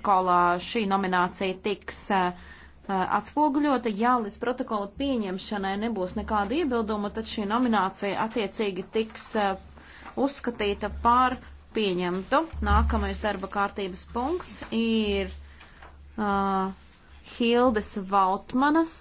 protokolā šī nominācija tiks uh, atspoguļota. Ja līdz protokola pieņemšanai nebūs nekāda iebilduma, tad šī nominācija attiecīgi tiks uh, uzskatīta par pieņemtu. Nākamais darba kārtības punkts ir uh, Hildes Valtmanas.